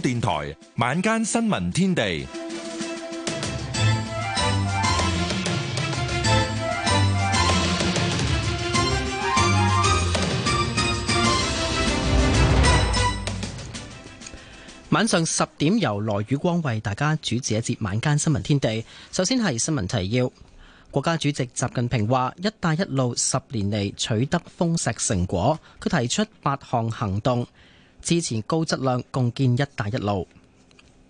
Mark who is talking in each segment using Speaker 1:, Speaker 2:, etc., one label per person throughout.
Speaker 1: 電台晚間新聞
Speaker 2: 天地，
Speaker 3: 晚上十點由羅宇光為大家主持一節晚間新聞天地。首先係新聞提要，國家主席習近平話：一帶一路十年嚟，取得豐碩成果，佢提出八項行動。支持高質量共建“一帶一路”。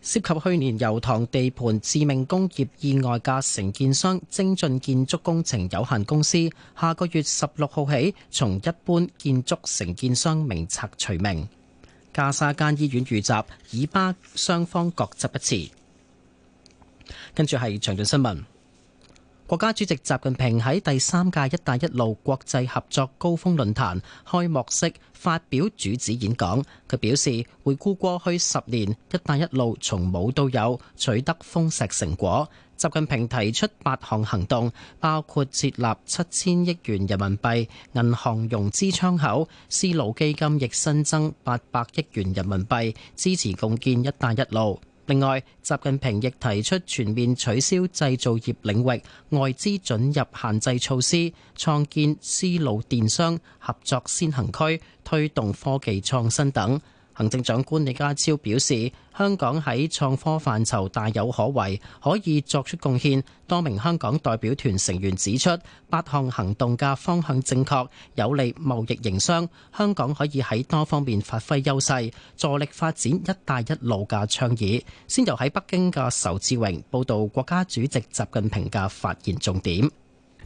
Speaker 3: 涉及去年油塘地盤致命工業意外嘅承建商精進建築工程有限公司，下個月十六號起從一般建築承建商名冊除名。加沙間醫院遇襲，以巴雙方各執一詞。跟住係詳盡新聞。國家主席習近平喺第三屆「一帶一路」國際合作高峰論壇開幕式發表主旨演講，佢表示回顧過去十年，「一帶一路」從冇到有，取得豐碩成果。習近平提出八項行動，包括設立七千億元人民幣銀行融資窗口，絲路基金亦新增八百億元人民幣，支持共建「一帶一路」。另外，習近平亦提出全面取消製造業領域外資准入限制措施，創建絲路電商合作先行區，推動科技創新等。行政長官李家超表示，香港喺創科範疇大有可為，可以作出貢獻。多名香港代表團成員指出，八項行動嘅方向正確，有利貿易營商，香港可以喺多方面發揮優勢，助力發展一帶一路嘅倡議。先由喺北京嘅仇志榮報道國家主席習近平嘅發言重點。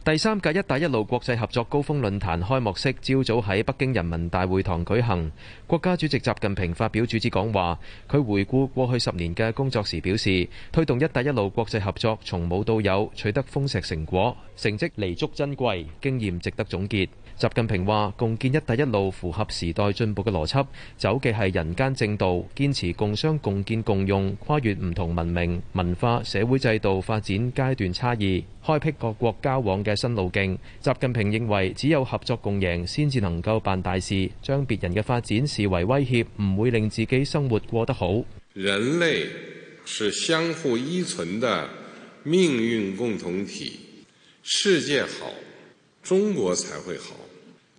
Speaker 3: 第
Speaker 4: 三屆「一帶一路」國際合作高峰論壇開幕式朝早喺北京人民大會堂舉行，國家主席習近平發表主旨講話。佢回顧過去十年嘅工作時表示，推動「一帶一路」國際合作從冇到有，取得豐碩成果，成績彌足珍貴，經驗值得總結。習近平話：共建“一帶一路”符合時代進步嘅邏輯，走嘅係人間正道，堅持共商、共建、共用，跨越唔同文明、文化、社會制度發展階段差異，開闢各國交往嘅新路徑。習近平認為，只有合作共贏先至能夠辦大事。將別人嘅發展視為威脅，唔會令自己生活過得好。
Speaker 2: 人類是相互依存的命運共同體，世界好，中國才會好。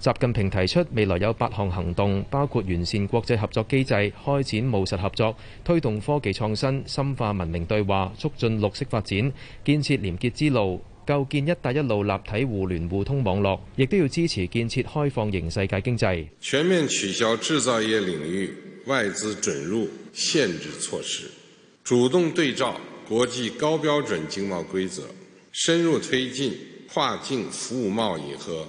Speaker 4: 習近平提出未來有八項行動，包括完善國際合作機制、開展務實合作、推動科技創新、深化文明對話、促進綠色發展、建設廉潔之路、構建一帶一路立體互聯互通網絡，亦都要支持建設開放型世界經濟。
Speaker 2: 全面取消製造業領域外資准入限制措施，主動對照國際高標準經貿規則，深入推進跨境服務貿易和。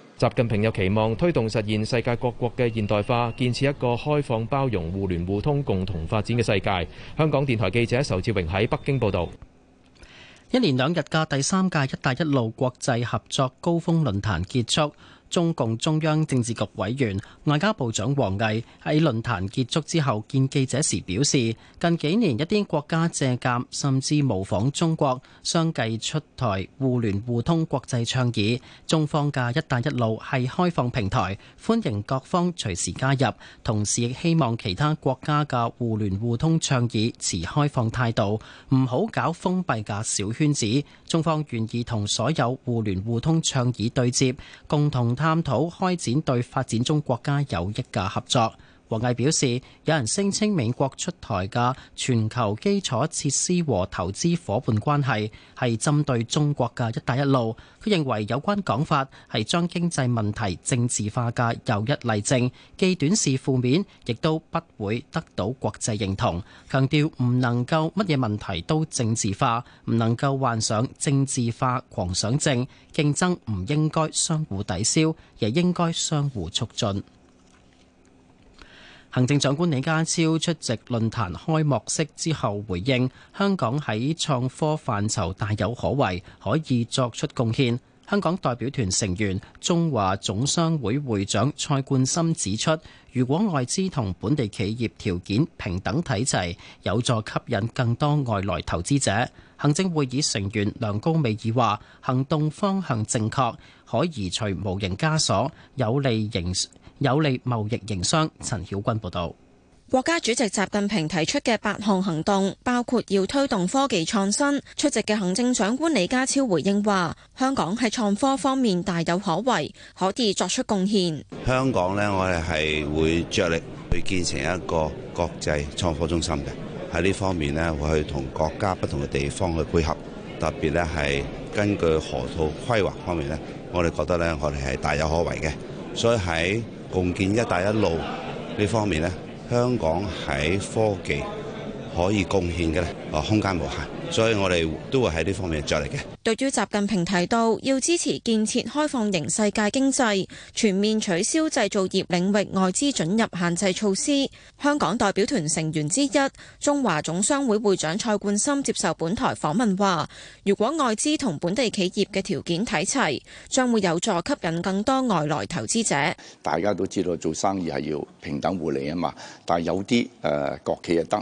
Speaker 4: 習近平有期望推動實現世界各國嘅現代化，建設一個開放包容、互聯互通、共同發展嘅世界。香港電台記者仇志榮喺北京報道。
Speaker 3: 一連兩日嘅第三屆「一帶一路」國際合作高峰論壇結束。中共中央政治局委員、外交部長王毅喺論壇結束之後見記者時表示：近幾年一啲國家借鑑甚至模仿中國，相繼出台互聯互通國際倡議。中方嘅「一帶一路」係開放平台，歡迎各方隨時加入。同時亦希望其他國家嘅互聯互通倡議持開放態度，唔好搞封閉嘅小圈子。中方願意同所有互聯互通倡議對接，共同探討開展對發展中國家有益嘅合作。王毅表示，有人聲稱美國出台嘅全球基礎設施和投資夥伴關係係針對中國嘅一帶一路，佢認為有關講法係將經濟問題政治化嘅又一例證，既短視負面，亦都不會得到國際認同。強調唔能夠乜嘢問題都政治化，唔能夠患上政治化狂想症。競爭唔應該相互抵消，亦應該相互促進。行政長官李家超出席論壇開幕式之後，回應香港喺創科範疇大有可為，可以作出貢獻。香港代表團成員、中華總商會會長蔡冠深指出，如果外資同本地企業條件平等睇齊，有助吸引更多外來投資者。行政會議成員梁高美懿話：行動方向正確，可以移除無形枷鎖，有利營。有利貿易營商，陳曉君報道。
Speaker 5: 國家主席習近平提出嘅八項行動，包括要推動科技創新。出席嘅行政長官李家超回應話，香港喺創科方面大有可為，可以作出貢獻，
Speaker 6: 香港咧，我哋係會着力去建成一個國際創科中心嘅。喺呢方面咧，會去同國家不同嘅地方去配合，特別咧係根據河套規劃方面咧，我哋覺得咧，我哋係大有可為嘅。所以喺共建一帶一路呢方面咧，香港喺科技，可以貢獻嘅咧，哦，空間無限，所以我哋都會喺呢方面再嚟嘅。
Speaker 5: 對於習近平提到要支持建設開放型世界經濟，全面取消製造業領域外資准入限制措施，香港代表團成員之一中華總商會會長蔡冠森接受本台訪問話，如果外資同本地企業嘅條件睇齊，將會有助吸引更多外來投資者。
Speaker 6: 大家都知道做生意係要平等互利啊嘛，但係有啲誒、呃、國企就得。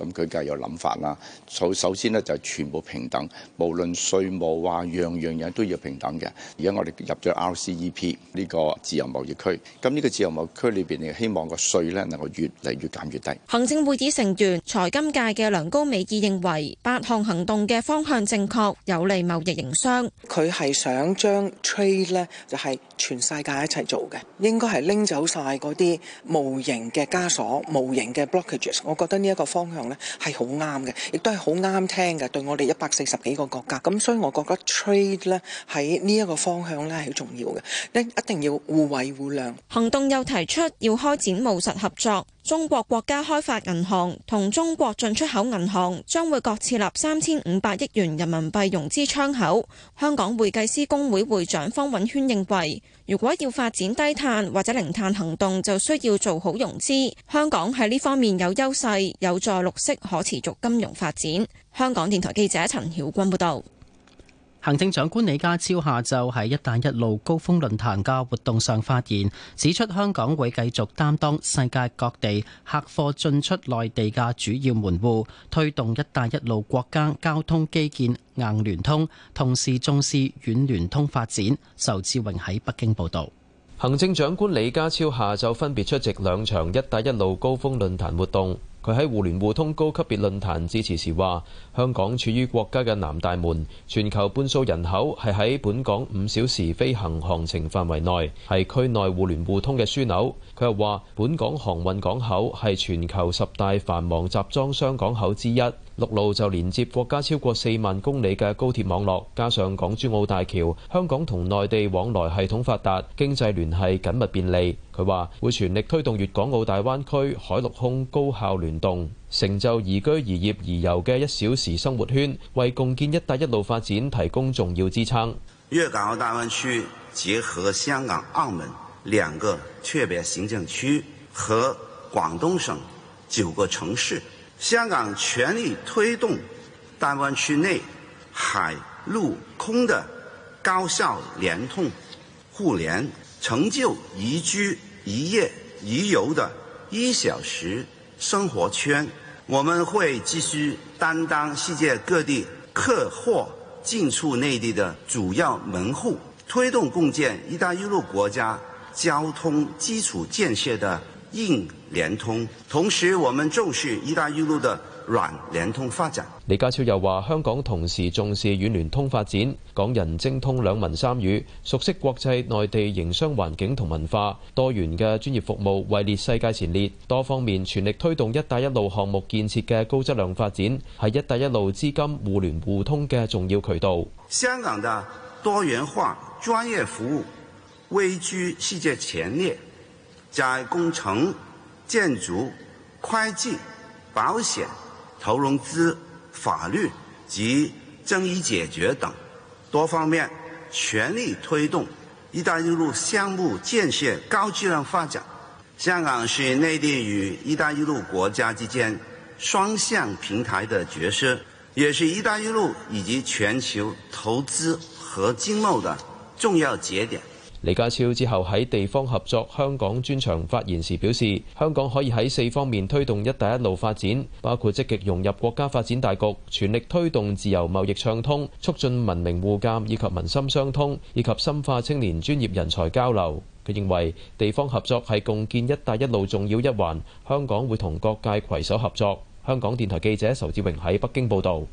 Speaker 6: 咁佢梗係有諗法啦。首首先咧就係全部平等，無論稅務啊，樣樣嘢都要平等嘅。而家我哋入咗 RCEP 呢個自由貿易區，咁呢個自由貿易區裏邊，你希望個稅咧能夠越嚟越減越低。
Speaker 5: 行政會議成員財金界嘅梁高美懿認為，八項行動嘅方向正確，有利貿易營商。
Speaker 3: 佢係想將 trade 咧就係全世界一齊做嘅，應該係拎走晒啲無形嘅枷鎖、
Speaker 7: 無形嘅 blockages。我覺得呢一個方向，係好啱嘅，亦都係好啱聽嘅，對我哋一百四十幾個國家，咁所以我覺得 trade 咧喺呢一個方向咧係好重要嘅，
Speaker 5: 一定要互惠互量。行動又提出要開展務實合作。中國國家開發銀行同中國進出口銀行將會各設立三千五百億元人民幣融資窗口。香港會計師公會會長方允軒認為，如果要發展低碳或者零碳行動，就需要做好融資。香港喺呢方面有優勢，有助綠色可持續金融發展。香港電台記者陳曉君報道。
Speaker 3: 行政長官李家超下晝喺“一帶一路”高峰論壇嘅活動上發言，指出香港會繼續擔當世界各地客貨進出內地嘅主要門戶，推動“一帶一路”國家交通基建硬聯通，同時重視軟聯通發展。仇志榮喺北京報道。
Speaker 4: 行政長官李家超下晝分別出席兩場“一帶一路”高峰論壇活動。佢喺互聯互通高級別論壇致辭，時話香港處於國家嘅南大門，全球半數人口係喺本港五小時飛行航程範圍內，係區內互聯互通嘅樞紐，佢又話本港航運港口係全球十大繁忙集裝箱港口之一。陸路就連接國家超過四萬公里嘅高鐵網絡，加上港珠澳大橋，香港同內地往來系統發達，經濟聯繫緊密便利。佢話會全力推動粵港澳大灣區海陸空高效聯動，成就宜居宜業宜遊嘅一小時生活圈，為共建一帶一路發展提供重要支撐。
Speaker 6: 粵港澳大灣區結合香港、澳門兩個特別行政區和廣東省九個城市。香港全力推動大灣區內海陸空的高效聯通互聯，成就宜居宜業、宜遊的一小時生活圈。我們會繼續擔當世界各地客貨進出內地的主要門戶，推動共建“一帶一路”國家交通基礎建設的硬聯通，同時，我們重視“一帶一路”的軟聯通發展。李家超又話，香港
Speaker 4: 同時重視軟聯通發展，港人精通兩文三語，熟悉國際、內地營商環境同文化，多元嘅專業服務位列世界前列，多方面全力推動“一帶一路”項目建設嘅高質量發展，係“一帶一路”資金互聯互通嘅重要渠道。
Speaker 6: 香港嘅多元化專業服務位居世界前列，在工程。建築、會計、保險、投融資、法律及爭議解決等多方面，全力推動“一帶一路”項目建設高質量發展。香港是內地與“一帶一路”國家之間雙向平台的角色，也是“一帶一路”以及全球投資和經貿的重要節點。
Speaker 4: 李家超之後喺地方合作香港專場發言時表示，香港可以喺四方面推動一帶一路發展，包括積極融入國家發展大局，全力推動自由貿易暢通，促進文明互鑒以及民心相通，以及深化青年專業人才交流。佢認為地方合作係共建一帶一路重要一環，香港
Speaker 3: 會同各界攜手合作。香港電台記者仇志榮喺北京報導。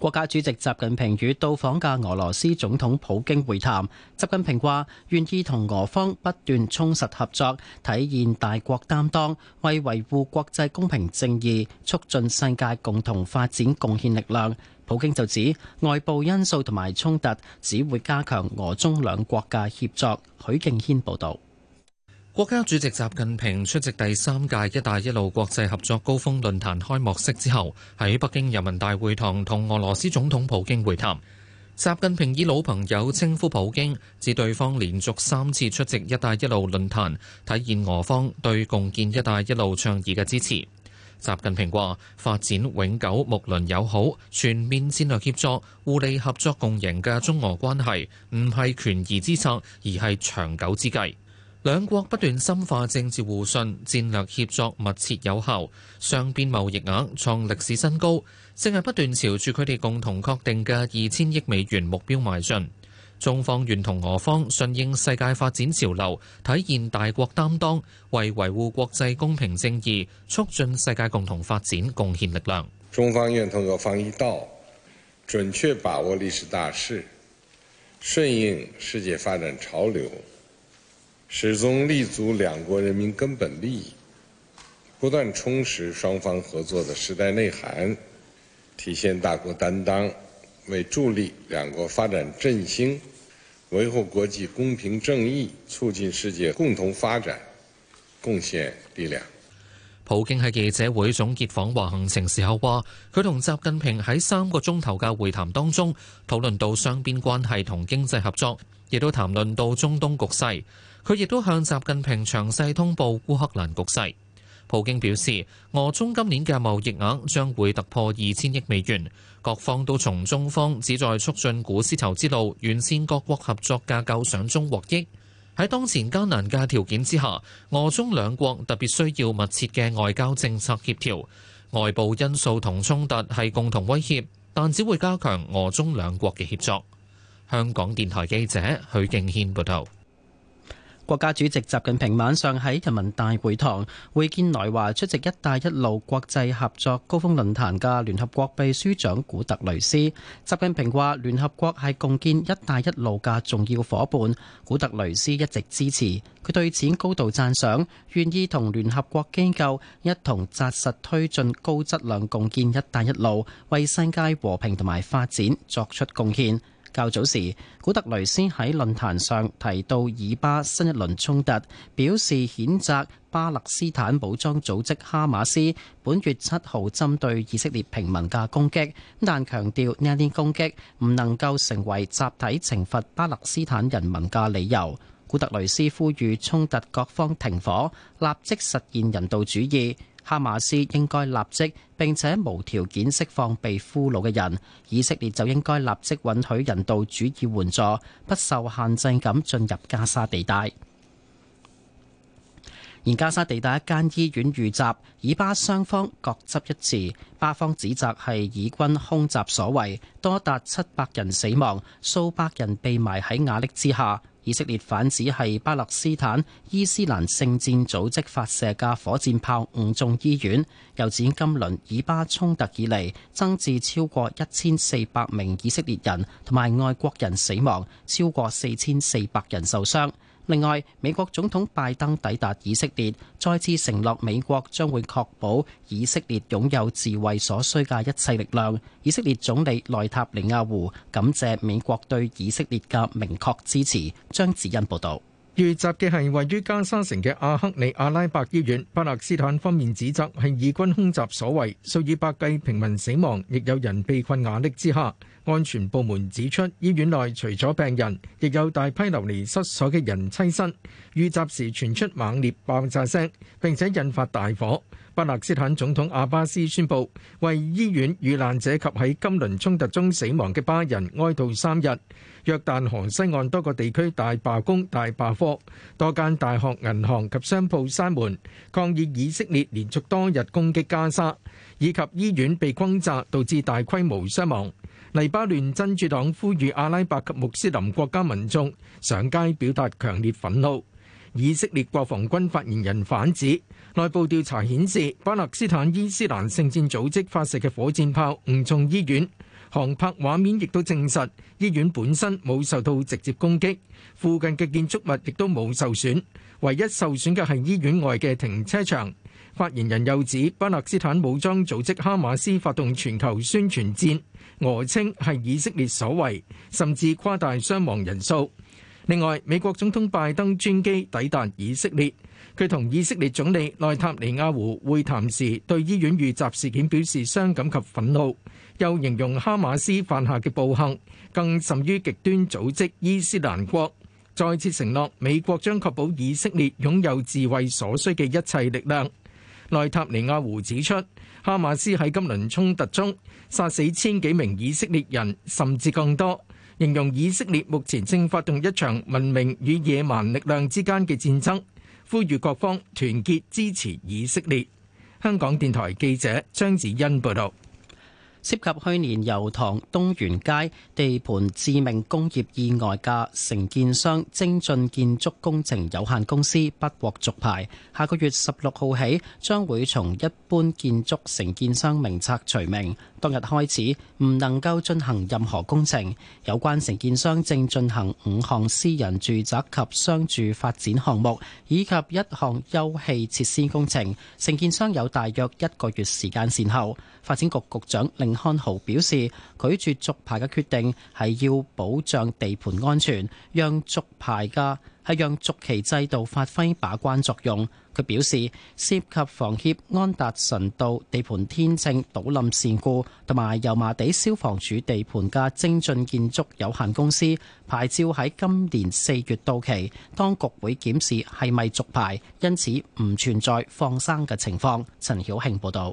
Speaker 3: 國家主席習近平與到訪嘅俄羅斯總統普京會談。習近平話願意同俄方不斷充實合作，體現大國擔當，為維護國際公平正義、促進世界共同發展貢獻力量。普京就指外部因素同埋衝突只會加強俄中兩國嘅協作。許敬軒報導。國家主席習近平出席第三屆「一帶一
Speaker 8: 路」國際合作高峰論壇開幕式之後，喺北京人民大會堂同俄羅斯總統普京會談。習近平以老朋友稱呼普京，指對方連續三次出席「一帶一路」論壇，體現俄方對共建「一帶一路」倡議嘅支持。習近平話：發展永久睦鄰友好、全面戰略協作、互利合作共贏嘅中俄關係，唔係權宜之策，而係長久之計。兩國不斷深化政治互信、戰略協作，密切有效，雙邊貿易額創歷史新高，正係不斷朝住佢哋共同確定嘅二千億美元目標邁進。中方願同俄方順應世界發展潮流，體現大國擔當，為維護國際公平正義、促進世界共同發展貢獻力量。
Speaker 2: 中方願同俄方一道，準確把握歷史大勢，順應世界發展潮流。始終立足兩國人民根本利益，不斷充實雙方合作的時代內涵，體現大國擔當，為助力兩國發展振興、維護國際公平正義、促進世界共同發展貢獻力量。普
Speaker 8: 京喺記者會總結訪華行程時候話，佢同習近平喺三個鐘頭嘅會談當中，討論到雙邊關係同經濟合作，亦都談論到中東局勢。佢亦都向習近平詳細通報烏克蘭局勢。普京表示，俄中今年嘅貿易額將會突破二千億美元。各方都從中方旨在促進古絲綢之路遠先各國合作架構上中獲益。喺當前艱難嘅條件之下，俄中兩國特別需要密切嘅外交政策協調。外部因素同衝突係共同威脅，但只會加強俄中兩國嘅協作。香港電台記者許敬軒報道。
Speaker 3: 國家主席習近平晚上喺人民大會堂會見來華出席“一帶一路”國際合作高峰論壇嘅聯合國秘書長古特雷斯。習近平話：聯合國係共建“一帶一路”嘅重要伙伴，古特雷斯一直支持，佢對此高度讚賞，願意同聯合國機構一同紮實推進高質量共建“一帶一路”，為世界和平同埋發展作出貢獻。較早時，古特雷斯喺論壇上提到以巴新一輪衝突，表示譴責巴勒斯坦武裝組織哈馬斯本月七號針對以色列平民嘅攻擊，但強調呢一啲攻擊唔能夠成為集體懲罰巴勒斯坦人民嘅理由。古特雷斯呼籲衝突各方停火，立即實現人道主義。哈馬斯應該立即並且無條件釋放被俘虜嘅人，以色列就應該立即允許人道主義援助，不受限制咁進入加沙地帶。而加沙地帶一間醫院遇襲，以巴雙方各執一詞，巴方指責係以軍空襲所為，多達七百人死亡，數百人被埋喺瓦礫之下。以色列反指，係巴勒斯坦伊斯蘭聖戰組織發射嘅火箭炮誤中醫院，又指今輪以巴衝突以嚟，增至超過一千四百名以色列人同埋外國人死亡，超過四千四百人受傷。另外，美國總統拜登抵達以色列，再次承諾美國將會確保以色列擁有自衛所需嘅一切力量。以色列總理內塔尼亞胡感謝美國對以色列嘅明確支持。張子欣報導。
Speaker 9: 遇襲嘅係位於加沙城嘅阿克里阿拉伯醫院，巴勒斯坦方面指責係以軍空襲所為，數以百計平民死亡，亦有人被困瓦礫之下。安全部門指出，醫院內除咗病人，亦有大批流離失所嘅人棲身。遇襲時傳出猛烈爆炸聲，並且引發大火。巴勒斯坦總統阿巴斯宣布為醫院遇難者及喺今輪衝突中死亡嘅巴人哀悼三日。約旦河西岸多個地區大罷工、大罷課，多間大學、銀行及商鋪閂門，抗議以色列連續多日攻擊加沙，以及醫院被轟炸，導致大規模傷亡。黎巴嫩真主黨呼籲阿拉伯及穆斯林國家民眾上街表達強烈憤怒。以色列國防軍發言人反指，內部調查顯示巴勒斯坦伊斯蘭聖戰組織發射嘅火箭炮誤中醫院，航拍畫面亦都證實醫院本身冇受到直接攻擊，附近嘅建築物亦都冇受損，唯一受損嘅係醫院外嘅停車場。發言人又指，巴勒斯坦武裝組織哈馬斯發動全球宣傳戰，俄稱係以色列所為，甚至誇大傷亡人數。另外，美國總統拜登專機抵達以色列，佢同以色列總理內塔尼亞胡會談時，對醫院遇襲事件表示傷感及憤怒，又形容哈馬斯犯下嘅暴行更甚於極端組織伊斯蘭國，再次承諾美國將確保以色列擁有自衛所需嘅一切力量。內塔尼亞胡指出，哈馬斯喺今輪衝突中殺死千幾名以色列人，甚至更多。形容以色列目前正發動一場文明與野蠻力量之間嘅戰爭，呼籲各方團結支持以色列。
Speaker 3: 香港電台記者張子欣報道。涉及去年油塘東源街地盤致命工業意外嘅承建商精進建築工程有限公司不獲續牌，下個月十六號起將會從一般建築承建商名冊除名，當日開始唔能夠進行任何工程。有關承建商正進行五項私人住宅及商住發展項目，以及一項休憩設施工程。承建商有大約一個月時間善後。發展局局長令漢豪表示，拒絕續牌嘅決定係要保障地盤安全，讓續牌嘅係讓續期制度發揮把關作用。佢表示，涉及房協安達臣道地盤天正倒冧事故同埋油麻地消防署地盤嘅精進建築有限公司牌照喺今年四月到期，當局會檢視係咪續牌，因此唔存在放生嘅情況，陳曉慶報道。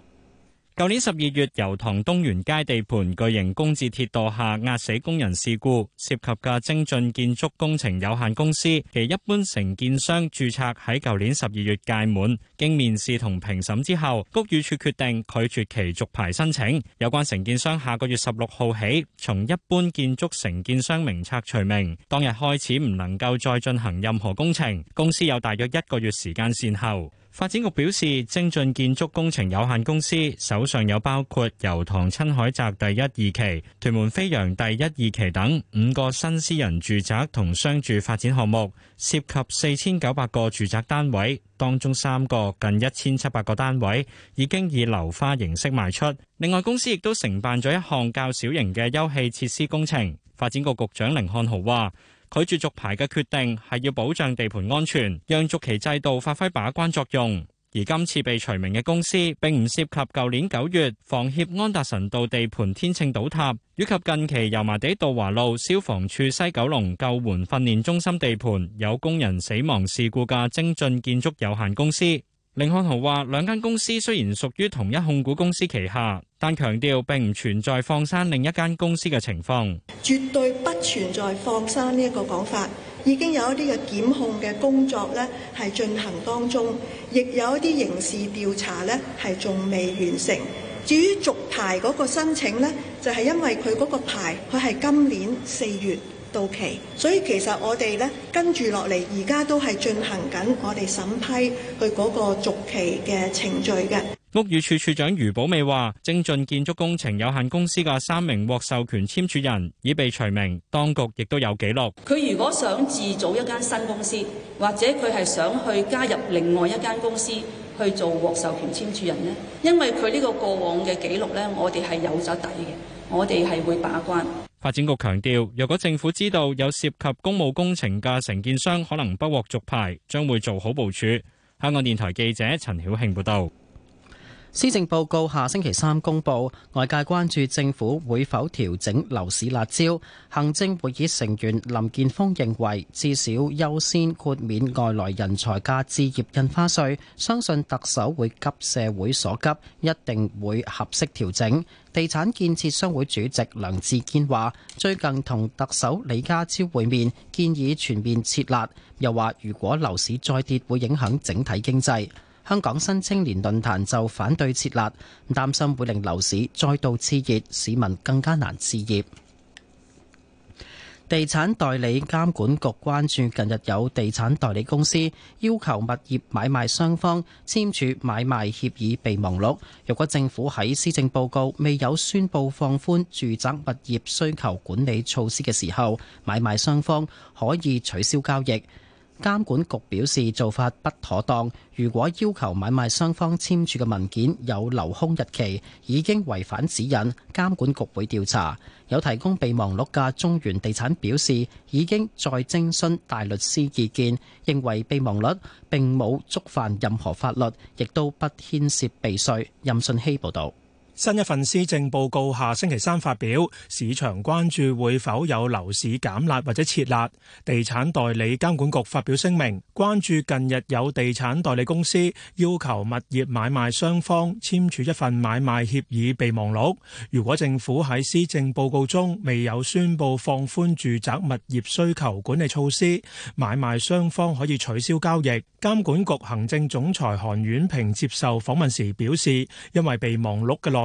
Speaker 10: 舊年十二月，油塘東元街地盤巨型工字鐵墮下壓死工人事故，涉及嘅精進建築工程有限公司其一般承建商註冊喺舊年十二月屆滿，經面試同評審之後，屋宇署決定拒絕其續牌申請。有關承建商下個月十六號起，從一般建築承建商名冊除名，當日開始唔能夠再進行任何工程。公司有大約一個月時間善後。發展局表示，精進建築工程有限公司手上有包括油塘親海駅第一二期、屯門飛揚第一二期等五個新私人住宅同商住發展項目，涉及四千九百個住宅單位，當中三個近一千七百個單位已經以樓花形式賣出。另外，公司亦都承辦咗一項較小型嘅休憩設施工程。發展局局長甯漢豪話。拒絕續牌嘅決定係要保障地盤安全，讓續期制度發揮把關作用。而今次被除名嘅公司並唔涉及舊年九月房協安達臣道地盤天秤倒塌，以及近期油麻地渡華路消防處西九龍救援訓練中心地盤有工人死亡事故嘅精進建築有限公司。寧漢豪話：兩間公司雖然屬於同一控股公司旗下，但強調並唔存在放生另一間公司嘅情況，
Speaker 11: 絕對不存在放生呢一個講法。已經有一啲嘅檢控嘅工作呢係進行當中，亦有一啲刑事調查呢係仲未完成。至於續牌嗰個申請呢，就係、是、因為佢嗰個牌佢係今年四月。到期，所以其實我哋咧跟住落嚟，而家都係進行緊我哋審批佢嗰個續期嘅程序嘅。
Speaker 10: 屋宇署署長余寶美話：精進建築工程有限公司嘅三名獲授權簽署人已被除名，當局亦都有記錄。
Speaker 5: 佢如果想自組一間新公司，或者佢係想去加入另外一間公司去做獲授權簽署人咧，因為佢呢個過往嘅記錄咧，我哋係有咗底嘅，我哋係會把關。
Speaker 10: 發展局強調，若果政府知道有涉及公務工程嘅承建商可能不獲續牌，將會做好部署。香港電台記者陳曉慶報道。
Speaker 3: 施政報告下星期三公布，外界關注政府會否調整樓市辣椒。行政會議成員林健鋒認為，至少優先豁免外來人才嘅置業印花稅，相信特首會急社會所急，一定會合適調整。地產建設商會主席梁志堅話，最近同特首李家超會面，建議全面撤辣。又話如果樓市再跌，會影響整體經濟。香港新青年論壇就反對撤辣，擔心會令樓市再度熾熱，市民更加難置業。地產代理監管局關注近日有地產代理公司要求物業買賣雙方簽署買賣協議備忘錄。若果政府喺施政報告未有宣布放寬住宅物業需求管理措施嘅時候，買賣雙方可以取消交易。監管局表示做法不妥當，如果要求買賣雙方簽署嘅文件有留空日期，已經違反指引，監管局會調查。有提供備忘錄嘅中原地產表示，已經再徵詢大律師意見，認為備忘錄並冇觸犯任何法律，亦都不牽涉避稅。任信希報道。新一份施政報告下星期三發表，市場
Speaker 1: 關注會否有樓市減辣或者撤辣。地產代理監管局發表聲明，關注近日有地產代理公司要求物業買賣雙方簽署一份買賣協議備忘錄。如果政府喺施政報告中未有宣布放寬住宅物業需求管理措施，買賣雙方可以取消交易。監管局行政總裁韓婉平接受訪問時表示，因為備忘錄嘅內容，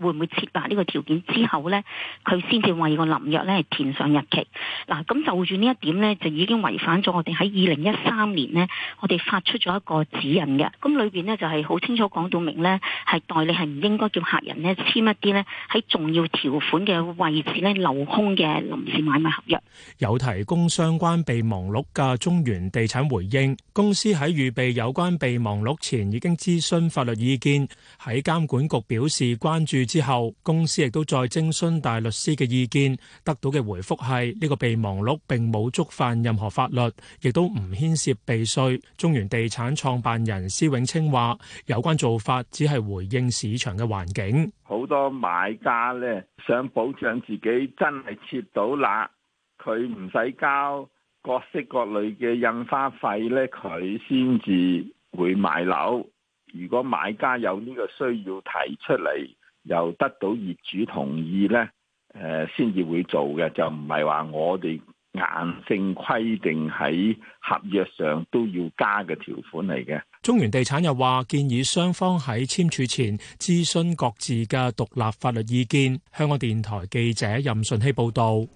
Speaker 5: 會唔會設立呢個條件之後呢，佢先至為個臨約呢係填上日期？嗱，咁就住呢一點呢，就已經違反咗我哋喺二零一三年呢，我哋發出咗一個指引嘅。咁裏邊呢就係好清楚講到明呢，係代理係唔應該叫客人呢簽一啲呢喺重要條款嘅位置呢留空嘅臨時買賣合約。
Speaker 1: 有提供相關備忘錄嘅中原地產回應，公司喺預備有關備忘錄前已經諮詢法律意見，喺監管局表示關注。之後，公司亦都再徵詢大律師嘅意見，得到嘅回覆係呢個備忘錄並冇觸犯任何法律，亦都唔牽涉避稅。中原地產創辦人施永青話，有關做法只係回應市場嘅環境。好多買家咧，想保障自己，真係切到辣，佢唔使交各式各類嘅印花費咧，佢先至會買樓。如果買家有呢個需要提出嚟。又得到業主同意咧，誒先至會做嘅，就唔係話，我哋硬性規定喺合約上都要加嘅條款嚟嘅。中原地產又話建議雙方喺簽署前諮詢各自嘅獨立
Speaker 3: 法律意見，香港電台記者任順希報道。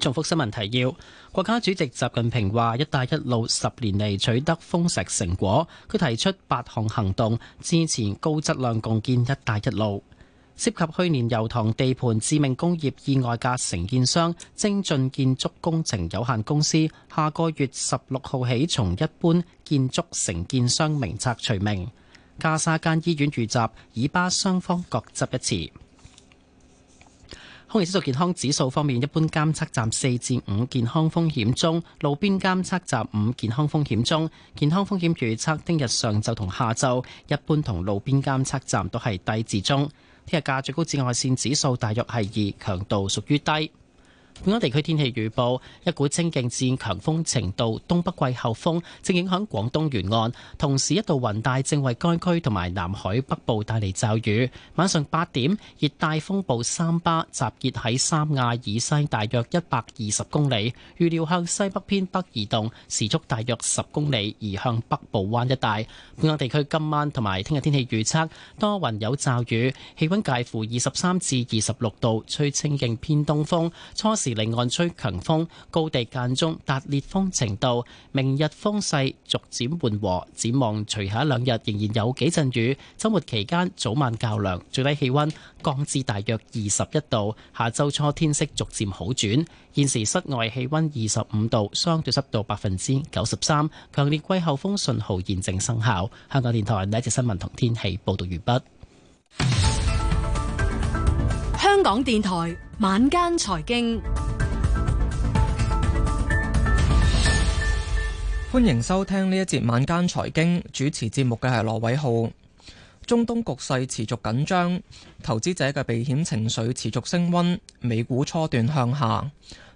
Speaker 3: 重複新聞提要：國家主席習近平話「一帶一路」十年嚟取得豐碩成果。佢提出八項行動，支持高質量共建「一帶一路」。涉及去年油塘地盤致命工業意外嘅承建商精進建築工程有限公司，下個月十六號起從一般建築承建商名冊除名。加沙間醫院遇襲，以巴雙方各執一詞。空氣質素健康指數方面，一般監測站四至五健康風險中，路邊監測站五健康風險中，健康風險預測，聽日上晝同下晝，一般同路邊監測站都係低至中。聽日價最高紫外線指數大約係二，強度屬於低。本港地區天氣預報，一股清勁至強風程度東北季候風正影響廣東沿岸，同時一道雲帶正為該區同埋南海北部帶嚟驟雨。晚上八點，熱帶風暴三巴集結喺三亞以西大約一百二十公里，預料向西北偏北移動，時速大約十公里，移向北部灣一帶。本港地區今晚同埋聽日天氣預測多雲有驟雨，氣温介乎二十三至二十六度，吹清勁偏東風，初，是離岸吹強風，高地間中達烈風程度。明日風勢逐漸緩和，展望隨下一兩日仍然有幾陣雨。周末期間早晚較涼，最低氣温降至大約二十一度。下周初天色逐漸好轉。現時室外氣温二十五度，相對濕度百分之九十三，強烈季候風信號現正生效。香港電台第一節新聞同天氣報道完畢。
Speaker 12: 港電台晚間財經，
Speaker 7: 歡迎收聽呢一節晚間財經主持節目嘅係羅偉浩。中東局勢持續緊張，投資者嘅避險情緒持續升溫，美股初段向下，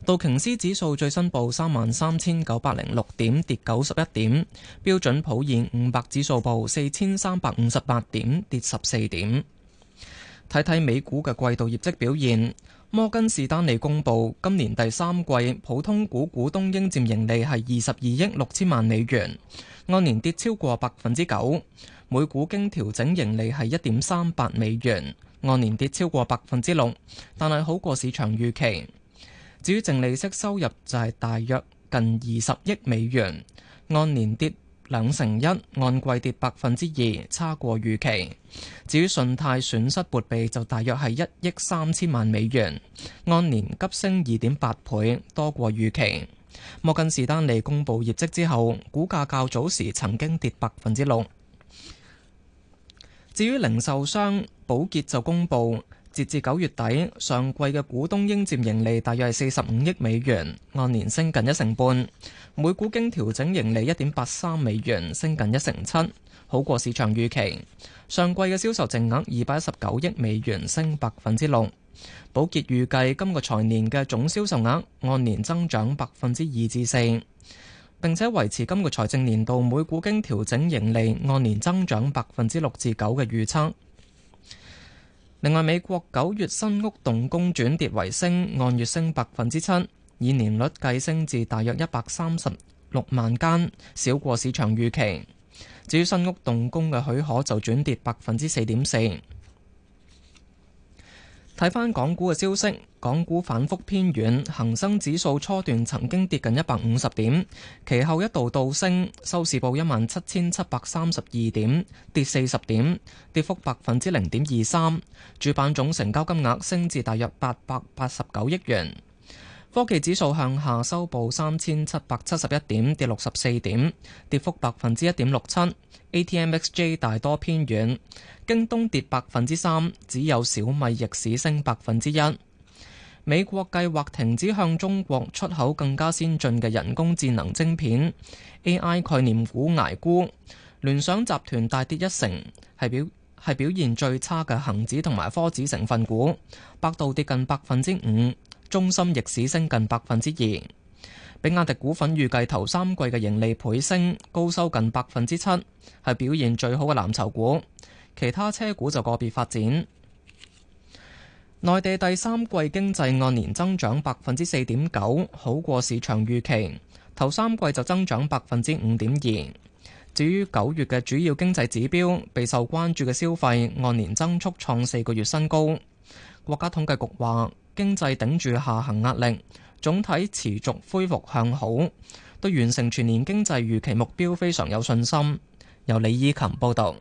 Speaker 7: 道瓊斯指數最新報三萬三千九百零六點，跌九十一點；標準普爾五百指數報四千三百五十八點，跌十四點。睇睇美股嘅季度業績表現，摩根士丹利公佈今年第三季普通股股東應佔盈利係二十二億六千萬美元，按年跌超過百分之九，每股經調整盈利係一點三八美元，按年跌超過百分之六，但係好過市場預期。至於淨利息收入就係大約近二十億美元，按年跌。兩成一，按季跌百分之二，差過預期。至於信貸損失撥備就大約係一億三千萬美元，按年急升二點八倍，多過預期。摩根士丹利公布業績之後，股價較早時曾經跌百分之六。至於零售商寶潔就公佈。截至九月底，上季嘅股東應占盈利大約係四十五億美元，按年升近一成半。每股經調整盈利一點八三美元，升近一成七，好過市場預期。上季嘅銷售淨額二百一十九億美元，升百分之六。寶潔預計今個財年嘅總銷售額按年增長百分之二至四，並且維持今個財政年度每股經調整盈利按年增長百分之六至九嘅預測。另外，美國九月新屋動工轉跌為升，按月升百分之七，以年率計升至大約一百三十六萬間，少過市場預期。至於新屋動工嘅許可就轉跌百分之四點四。睇返港股嘅消息。港股反覆偏軟，恒生指數初段曾經跌近一百五十點，其後一度倒升，收市報一萬七千七百三十二點，跌四十點，跌幅百分之零點二三。主板總成交金額升至大約八百八十九億元。科技指數向下收報三千七百七十一點，跌六十四點，跌幅百分之一點六七。ATMXJ 大多偏軟，京東跌百分之三，只有小米逆市升百分之一。美國計劃停止向中國出口更加先進嘅人工智能晶片，AI 概念股捱沽，聯想集團大跌一成，係表係表現最差嘅恒指同埋科指成分股。百度跌近百分之五，中芯逆市升近百分之二。比亞迪股份預計頭三季嘅盈利倍升，高收近百分之七，係表現最好嘅藍籌股。其他車股就個別發展。內地第三季經濟按年增長百分之四點九，好過市場預期。頭三季就增長百分之五點二。至於九月嘅主要經濟指標，備受關注嘅消費按年增速創四個月新高。國家統計局話，經濟頂住下行壓力，總體持續恢復向好，對完成全年經濟預期目標非常有信心。由李依琴報道。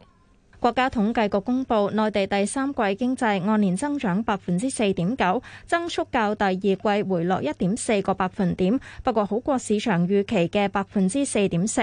Speaker 11: 國家統計局公布內地第三季經濟按年增長百分之四點九，增速較第二季回落一點四個百分點，不過好過市場預期嘅百分之四點四。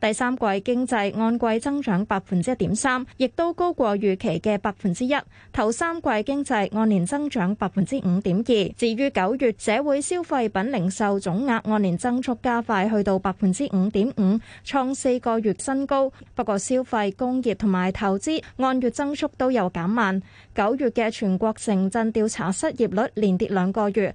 Speaker 11: 第三季經濟按季增長百分之一點三，亦都高過預期嘅百分之一。頭三季經濟按年增長百分之五點二。至於九月社會消費品零售總額按年增速加快，去到百分之五點五，創四個月新高。不過消費、工業同埋投資按月增速都有減慢，九月嘅全國城鎮調查失業率連跌兩個月。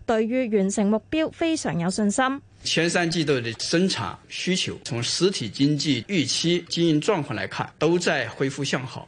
Speaker 11: 對於完成目標非常有信心。
Speaker 9: 前三季度的生產需求，從實體經濟預期經營狀況來看，都在恢復向好。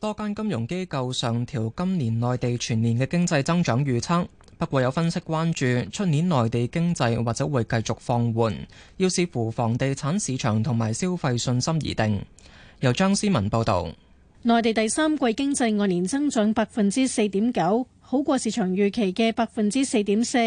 Speaker 7: 多間金融機構上調今年內地全年嘅經濟增長預測，不過有分析關注出年內地經濟或者會繼續放緩，要視乎房地產市場同埋消費信心而定。由張思文報導，
Speaker 12: 內地第三季經濟按年增長百分之四點九。好過市場預期嘅百分之四點四。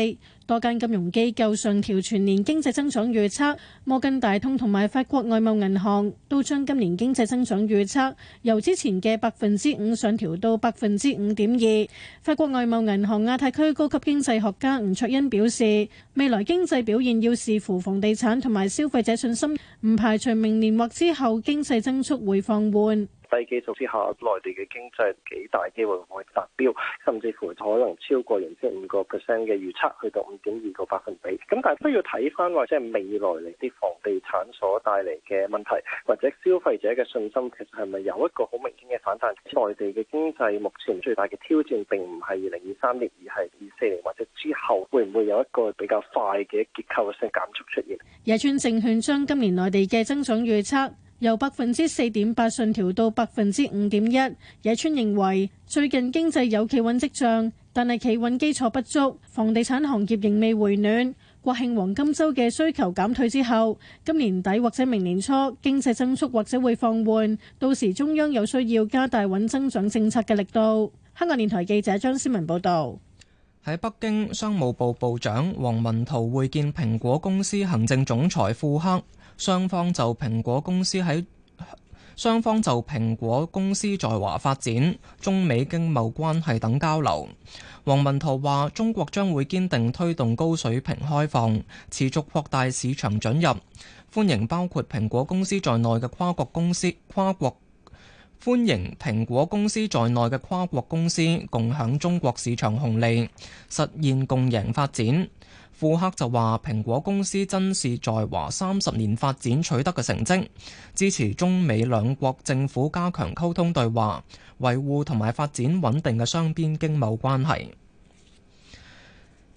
Speaker 12: 多間金融機構上調全年經濟增長預測，摩根大通同埋法國外貿銀行都將今年經濟增長預測由之前嘅百分之五上調到百分之五點二。法國外貿銀行亞太區高級經濟學家吳卓恩表示，未來經濟表現要視乎房地產同埋消費者信心，唔排除明年或之後經濟增速會放緩。低基數之下，內地嘅經濟幾大機會可以達標，
Speaker 1: 甚至乎可能超過原先五個 percent 嘅預測，去到五點二個百分比。咁但係都要睇翻或者係未來嚟啲房地產所帶嚟嘅問題，或者消費者嘅信心，其實係咪有一個好明顯嘅反彈？內地嘅經濟目前最大嘅挑戰並唔係二零二三年，而係二四年或者之後，會唔會有一個比較快嘅結構性減速
Speaker 12: 出現？野村證券將今年內地嘅增長預測。由百分之四點八上調到百分之五點一，野村認為最近經濟有企穩跡象，但係企穩基礎不足，房地產行業仍未回暖。國慶黃金周嘅需求減退之後，今年底或者明年初經濟增速或者會放緩，到時中央有需要加大穩增長政策嘅力度。香港電台記者張思文報道。
Speaker 7: 喺北京，商務部部長王文濤會見蘋果公司行政總裁庫克。雙方就蘋果公司喺雙方就蘋果公司在華發展、中美經貿關係等交流，王文濤話，中國將會堅定推動高水平開放，持續擴大市場准入，歡迎包括蘋果公司在內嘅跨國公司跨國歡迎蘋果公司在內嘅跨國公司共享中國市場紅利，實現共贏發展。庫克就話：蘋果公司珍視在華三十年發展取得嘅成績，支持中美兩國政府加強溝通對話，維護同埋發展穩定嘅雙邊經貿關係。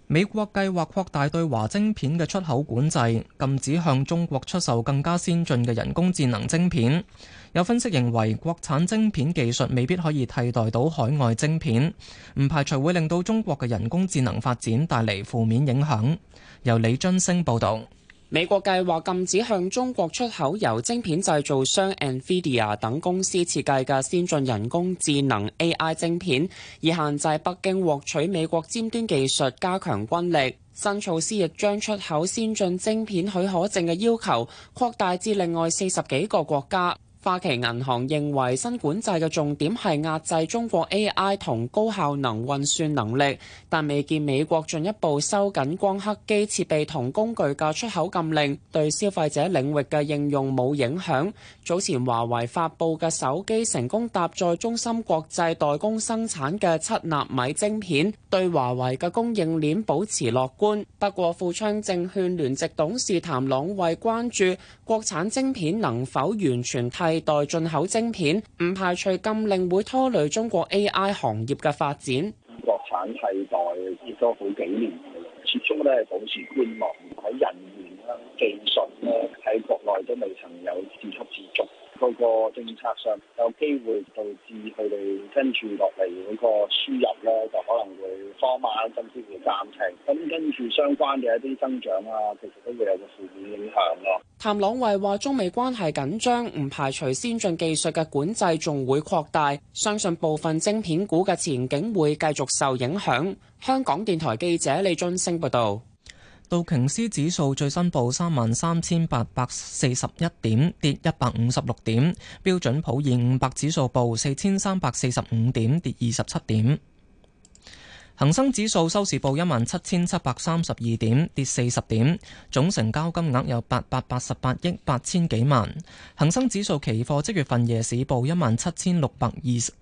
Speaker 7: 美國計劃擴大對華晶片嘅出口管制，禁止向中國出售更加先進嘅人工智能晶片。有分析認為，國產晶片技術未必可以替代到海外晶片，唔排除會令到中國嘅人工智能發展帶嚟負面影響。由李津升報導，
Speaker 13: 美國計劃禁止向中國出口由晶片製造商 NVIDIA 等公司設計嘅先進人工智能 AI 晶片，以限制北京獲取美國尖端技術，加強軍力。新措施亦將出口先進晶片許可證嘅要求擴大至另外四十幾個國家。花旗銀行認為新管制嘅重點係壓制中國 AI 同高效能運算能力，但未見美國進一步收緊光刻機設備同工具嘅出口禁令對消費者領域嘅應用冇影響。早前華為發布嘅手機成功搭載中芯國際代工生產嘅七納米晶片，對華為嘅供應鏈保持樂觀。不過富昌證券聯席董事譚朗為關注國產晶片能否完全替替代進口晶片，唔排除禁令會拖累中國 AI 行業嘅發展。國產替代亦都好幾年，始終咧保持觀望，喺人員啦、技術咧，喺國內都未曾有自給自足。嗰個政策上有機會導致佢哋跟住落嚟嗰個輸入咧，就可能會放慢，甚至乎暫停。咁跟住相關嘅一啲增長啊，其實都會有個負面影響咯。譚朗衞話：中美關係緊張，唔排除先進技術嘅管制仲會擴大，相信部分晶片股嘅前景會繼續
Speaker 7: 受影響。香港電台記者
Speaker 13: 李津升報道。
Speaker 7: 道瓊斯指數最新報三萬三千八百四十一點，跌一百五十六點。標準普爾五百指數報四千三百四十五點，跌二十七點。恒生指數收市報一萬七千七百三十二點，跌四十點。總成交金額有八百八十八億八千幾萬。恒生指數期貨即月份夜市報一萬七千六百二十。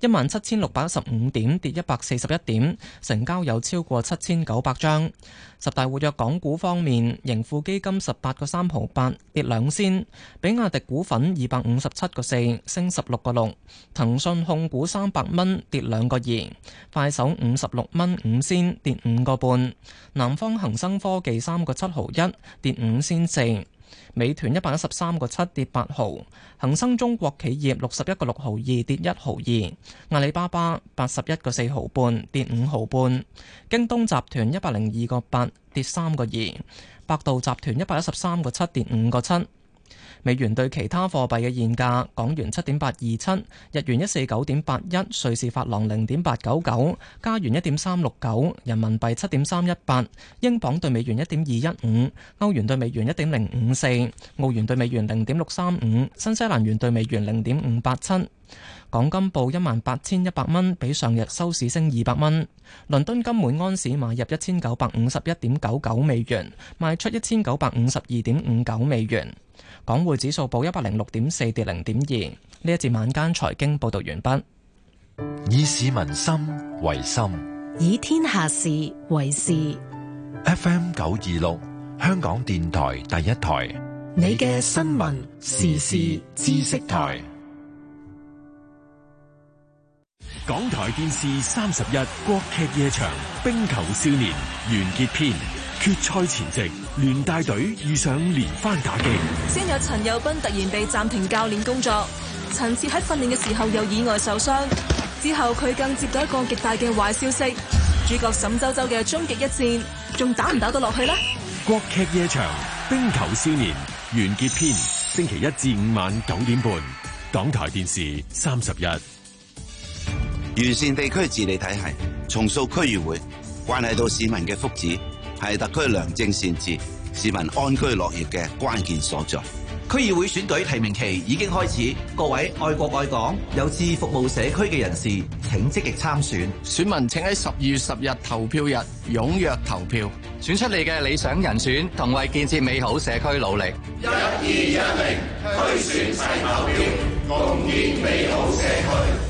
Speaker 7: 一萬七千六百一十五點，跌一百四十一點，成交有超過七千九百張。十大活躍港股方面，盈富基金十八個三毫八跌兩仙，比亞迪股份二百五十七個四升十六個六，騰訊控股三百蚊跌兩個二，快手五十六蚊五仙跌五個半，南方恒生科技三個七毫一跌五仙四。美團一百一十三個七跌八毫，恒生中國企業六十一個六毫二跌一毫二，阿里巴巴八十一個四毫半跌五毫半，京東集團一百零二個八跌三個二，百度集團一百一十三個七跌五個七。美元兌其他貨幣嘅現價，港元七點八二七，日元一四九點八一，瑞士法郎零點八九九，加元一點三六九，人民幣七點三一八，英鎊對美元一點二一五，歐元對美元一點零五四，澳元對美元零點六三五，新西蘭元對美元零點五八七。港金報一萬八千一百蚊，比上日收市升二百蚊。倫敦金每安士買入一千九百五十一點九九美元，賣出一千九百五十二點五九美元。港匯指數報一百零六點四，跌零點二。呢一節晚間財經報道完畢。以市民心為心，
Speaker 12: 以天下事為事。
Speaker 7: FM 九二六，香
Speaker 1: 港電台第一台，
Speaker 12: 你嘅新聞時事
Speaker 1: 知識台。
Speaker 2: 港台電視三十一國劇夜場《冰球少年》完結篇。決賽前夕，聯大隊遇上連番打擊。
Speaker 5: 先有陳友斌突然被暫停教練工作，陳志喺訓練嘅時候又意外受傷。之後佢更接到一個極大嘅壞消息。主角沈周周嘅終極一戰，仲打唔打到落去呢？
Speaker 2: 國劇夜場，冰球少年完結篇。星期一至五晚九點半，
Speaker 6: 港台電視三十一。完善地區治理體系，重塑區議會，關係到市民嘅福祉。係特區良政善治、市民安居樂業嘅關鍵所在。區議會選舉提名期已經開始，各位愛國愛港、有志服務社區嘅人士，請積極參選。選民
Speaker 8: 請喺十二月十日投票日踴躍投票，選出你嘅理想人選，同為
Speaker 9: 建設美好社區努力。
Speaker 6: 一二一零區選齊齊投票，共建美好社區。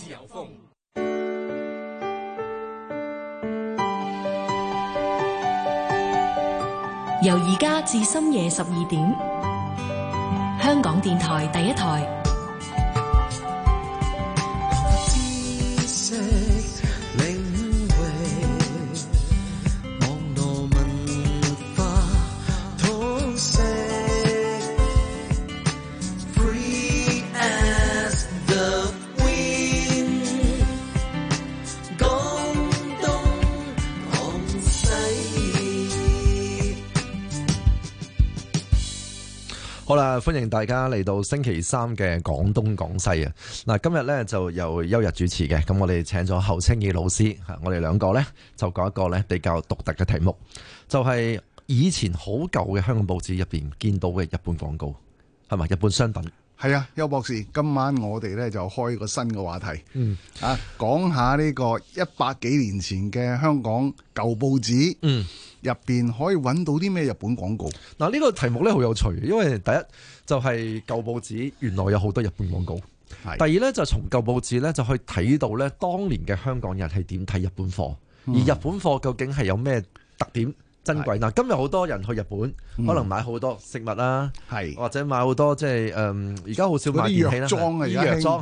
Speaker 12: 由而家至深夜十二點，香港電台第一台。
Speaker 9: 歡迎大家嚟到星期三嘅廣東廣西啊！嗱，今日呢，就由邱日主持嘅，咁我哋請咗侯清義老師，吓我哋兩個呢，就講一個呢比較獨特嘅題目，就係、是、以前好舊嘅香港報紙入邊見到嘅日本廣告，係咪？日本商品
Speaker 7: 係啊，邱博士，今晚我哋呢，就開一個新嘅話題，嗯，啊，講下呢個一百幾年前嘅
Speaker 6: 香港舊報紙，嗯，嗯，入邊可以揾到啲咩日本廣告？嗱，呢個題目呢，好有趣，因為第一。就係舊報紙，原來有好多日本廣告。的
Speaker 12: 第
Speaker 9: 二呢，就係、從舊報紙呢，就去睇到呢當年嘅香港人係點睇日本貨，嗯、而日本貨究竟係有咩特點珍貴？嗱的，今日好多人去日本，嗯、可能買好
Speaker 6: 多食物啦，的或者買好多即係而家好少買電器啊，藥妝。